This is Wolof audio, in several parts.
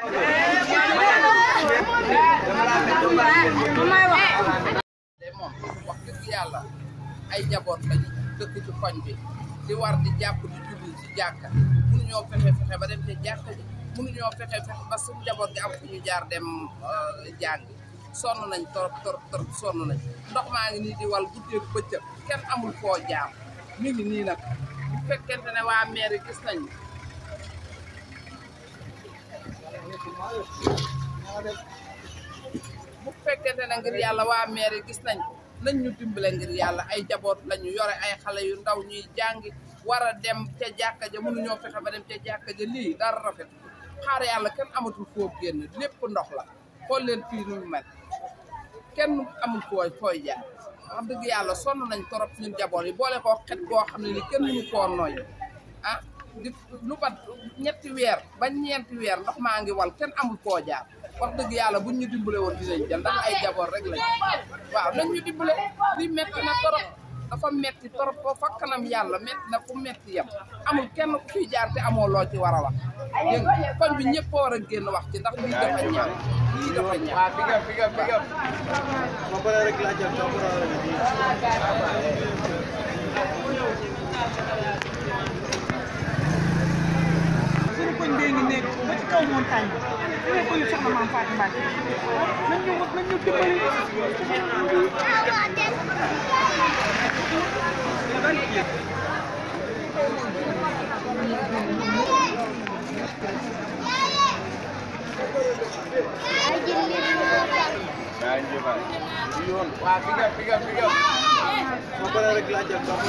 moom wax dëgg yàlla ay jaboot lañu dëkk ci koñ bi di war di jàpp di julli ci jàkka mënuñoo fexe fexe fexe fexe ba suñu njaboot gi am fu ñu jaar dem euh, jàng sonn nañ torop torop sonn nañ ndox maa ngi nii di wal guddeeg bëccëg kenn amul foo jaar mi nii nag bu ne waa mairie gis nañ bu fekkente ne ngir yàlla waa maire gis nañ nañ ñu dimbale ngir yàlla ay jaboot lañu yore ay xale yu ndaw ñuy jàngi war a dem ca jàkka ja ñoo fexe ba dem ca jàkka ja lii dara rafet xaar yàlla kenn amatul foofu génn lépp ndox la xool leen fii nu mel kenn amul fooy fooy jaar wax yàlla sonn nañ torop ñun jaboot yi boole koo xet boo xam ne ni kenn mënu koo nooy ah, li lu mat ñetti weer ba ñeenti weer ndox maa ngi wal kenn amul koo jaar wax dëgg yàlla buñ ñu dimbale woon dinañ jël ndax ay jaboor rek lañ waaw nañ ñu dimbale li metti na torop dafa metti torop ba fa kanam yàlla metti na fu metti yam amul kenn ku fiy jaar te amoo loo ci war a wax dégg koñ bi ñëpp war a génn wax ci ndax lii dafa ñaaw lii dafa ñaaw pick up pick up pick up ma ko rek la jël ko rek suñu koñ bee ngi nekk ba ci kaw montagne bi bu dee koñu soxna maam Fatou Mbacke nañ ñu nañ ñu dimbali waaw fi nga fi nga fi nga. ma bëri rek laa jël ba mu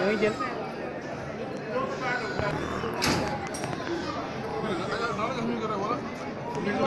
Đấy chứ. Thank you.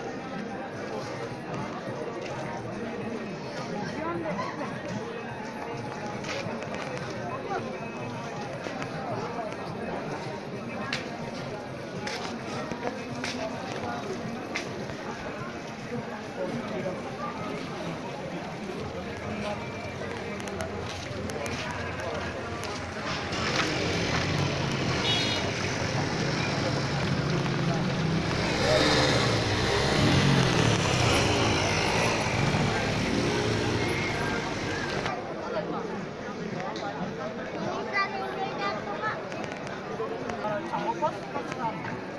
Posso ficar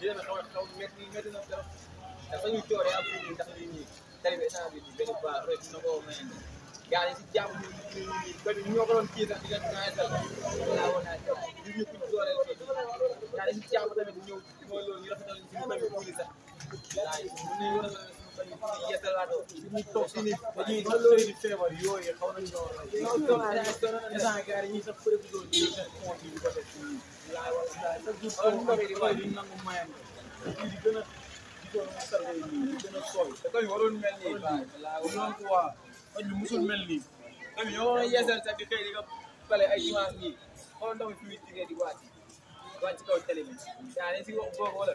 di leen xaw a xaw métti métti na trop ndax sañuy cooree ak ñu ndax ñu ñii tali bi état bi benn baax rek na ko may gaa yi si jàmm ñu ñu ba ñu ñoo ko doon kii sax di leen naajal laa woon naa jàmm ñu ñu ko dooleel ko gaa yi si jàmm tamit ñëw mooy loolu ñu rafetal ci ñu tamit sax gaa yi ñu ñu ñu toog si nit dañuy dañuy di feebar yooyu xaw nañu ñoo instant gars yi ñuy sax prévision bi ñu def compte yi di ko def laay wala laay chaque jour heure mbokk yi waaye duñ nangu mayam kii di gën a di ko sarwe nii di gën a sooy te tamit waroon mel nii bu ñoom ko waa ñu musul mel nii tamit ñoo waroon yeesal sax di xëy di ko pale ay dimanche nii xool ndaw fi muy jigee di wàcc wàcc kaw télé bi yaa ne si wax boobu wala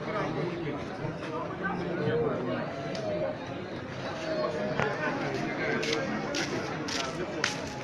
Thank you.